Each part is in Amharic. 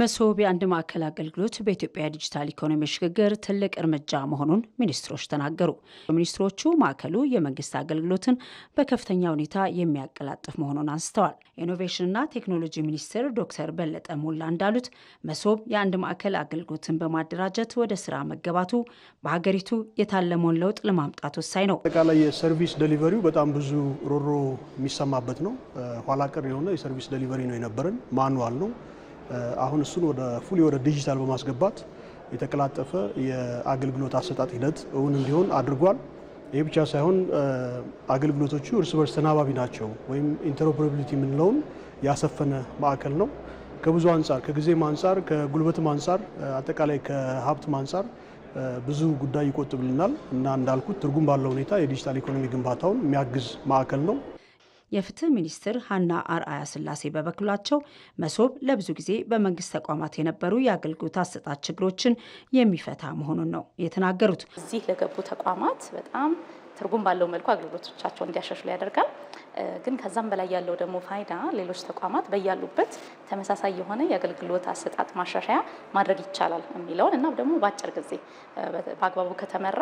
መሶብ የአንድ ማዕከል አገልግሎት በኢትዮጵያ ዲጂታል ኢኮኖሚ ሽግግር ትልቅ እርምጃ መሆኑን ሚኒስትሮች ተናገሩ። ሚኒስትሮቹ ማዕከሉ የመንግስት አገልግሎትን በከፍተኛ ሁኔታ የሚያቀላጥፍ መሆኑን አንስተዋል። ኢኖቬሽንና ቴክኖሎጂ ሚኒስትር ዶክተር በለጠ ሞላ እንዳሉት መሶብ የአንድ ማዕከል አገልግሎትን በማደራጀት ወደ ስራ መገባቱ በሀገሪቱ የታለመውን ለውጥ ለማምጣት ወሳኝ ነው። አጠቃላይ የሰርቪስ ደሊቨሪው በጣም ብዙ ሮሮ የሚሰማበት ነው። ኋላቅር የሆነ የሰርቪስ ደሊቨሪ ነው የነበረን። ማኑዋል ነው አሁን እሱን ወደ ፉሊ ወደ ዲጂታል በማስገባት የተቀላጠፈ የአገልግሎት አሰጣጥ ሂደት እውን እንዲሆን አድርጓል። ይህ ብቻ ሳይሆን አገልግሎቶቹ እርስ በርስ ተናባቢ ናቸው ወይም ኢንተሮፕሬቢሊቲ የምንለውን ያሰፈነ ማዕከል ነው። ከብዙ አንጻር ከጊዜም አንጻር ከጉልበትም አንጻር አጠቃላይ ከሀብትም አንጻር ብዙ ጉዳይ ይቆጥብልናል እና እንዳልኩት ትርጉም ባለው ሁኔታ የዲጂታል ኢኮኖሚ ግንባታውን የሚያግዝ ማዕከል ነው። የፍትህ ሚኒስትር ሀና አርአያ ስላሴ በበኩላቸው መሶብ ለብዙ ጊዜ በመንግስት ተቋማት የነበሩ የአገልግሎት አሰጣት ችግሮችን የሚፈታ መሆኑን ነው የተናገሩት። እዚህ ለገቡ ተቋማት በጣም ትርጉም ባለው መልኩ አገልግሎቶቻቸው እንዲያሻሽሉ ያደርጋል። ግን ከዛም በላይ ያለው ደግሞ ፋይዳ ሌሎች ተቋማት በያሉበት ተመሳሳይ የሆነ የአገልግሎት አሰጣጥ ማሻሻያ ማድረግ ይቻላል የሚለውን እና ደግሞ በአጭር ጊዜ በአግባቡ ከተመራ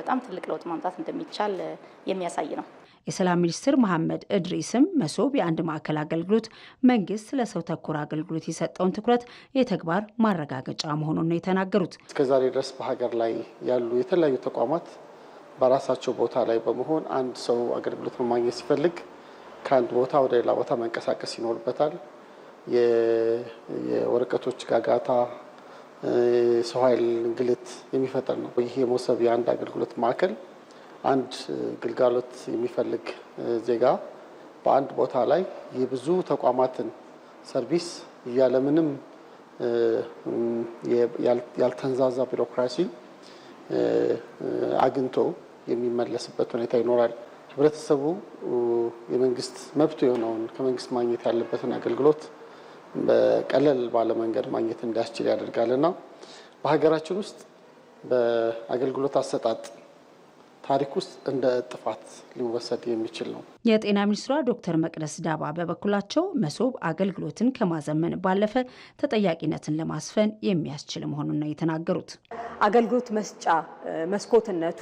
በጣም ትልቅ ለውጥ ማምጣት እንደሚቻል የሚያሳይ ነው። የሰላም ሚኒስትር መሐመድ እድሪስም መሶብ የአንድ ማዕከል አገልግሎት መንግስት ለሰው ተኮር አገልግሎት የሰጠውን ትኩረት የተግባር ማረጋገጫ መሆኑን ነው የተናገሩት። እስከዛሬ ድረስ በሀገር ላይ ያሉ የተለያዩ ተቋማት በራሳቸው ቦታ ላይ በመሆን አንድ ሰው አገልግሎት ማግኘት ሲፈልግ ከአንድ ቦታ ወደ ሌላ ቦታ መንቀሳቀስ ይኖርበታል። የወረቀቶች ጋጋታ ሰው ኃይል እንግልት የሚፈጠር ነው። ይህ የመሶብ የአንድ አገልግሎት ማዕከል አንድ ግልጋሎት የሚፈልግ ዜጋ በአንድ ቦታ ላይ የብዙ ተቋማትን ሰርቪስ ያለምንም ያልተንዛዛ ቢሮክራሲ አግኝቶ የሚመለስበት ሁኔታ ይኖራል። ህብረተሰቡ የመንግስት መብቱ የሆነውን ከመንግስት ማግኘት ያለበትን አገልግሎት በቀለል ባለመንገድ ማግኘት እንዲያስችል ያደርጋልና በሀገራችን ውስጥ በአገልግሎት አሰጣጥ ታሪክ ውስጥ እንደ ጥፋት ሊወሰድ የሚችል ነው። የጤና ሚኒስትሯ ዶክተር መቅደስ ዳባ በበኩላቸው መሶብ አገልግሎትን ከማዘመን ባለፈ ተጠያቂነትን ለማስፈን የሚያስችል መሆኑን ነው የተናገሩት። አገልግሎት መስጫ መስኮትነቱ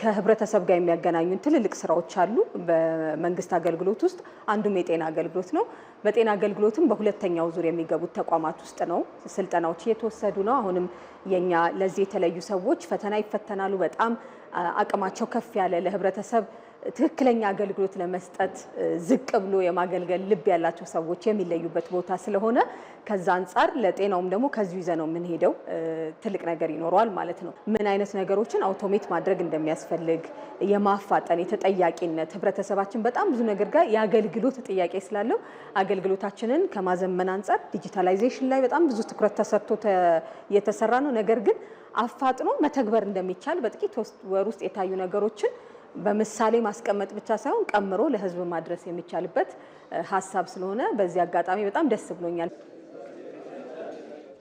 ከህብረተሰብ ጋር የሚያገናኙን ትልልቅ ስራዎች አሉ። በመንግስት አገልግሎት ውስጥ አንዱም የጤና አገልግሎት ነው። በጤና አገልግሎትም በሁለተኛው ዙር የሚገቡት ተቋማት ውስጥ ነው። ስልጠናዎች እየተወሰዱ ነው። አሁንም የኛ ለዚህ የተለዩ ሰዎች ፈተና ይፈተናሉ። በጣም አቅማቸው ከፍ ያለ ለህብረተሰብ ትክክለኛ አገልግሎት ለመስጠት ዝቅ ብሎ የማገልገል ልብ ያላቸው ሰዎች የሚለዩበት ቦታ ስለሆነ ከዛ አንጻር ለጤናውም ደግሞ ከዚሁ ይዘ ነው የምንሄደው ትልቅ ነገር ይኖረዋል ማለት ነው። ምን አይነት ነገሮችን አውቶሜት ማድረግ እንደሚያስፈልግ የማፋጠን የተጠያቂነት ህብረተሰባችን በጣም ብዙ ነገር ጋር የአገልግሎት ጥያቄ ስላለው አገልግሎታችንን ከማዘመን አንጻር ዲጂታላይዜሽን ላይ በጣም ብዙ ትኩረት ተሰርቶ የተሰራ ነው። ነገር ግን አፋጥኖ መተግበር እንደሚቻል በጥቂት ወር ውስጥ የታዩ ነገሮችን በምሳሌ ማስቀመጥ ብቻ ሳይሆን ቀምሮ ለህዝብ ማድረስ የሚቻልበት ሀሳብ ስለሆነ በዚህ አጋጣሚ በጣም ደስ ብሎኛል።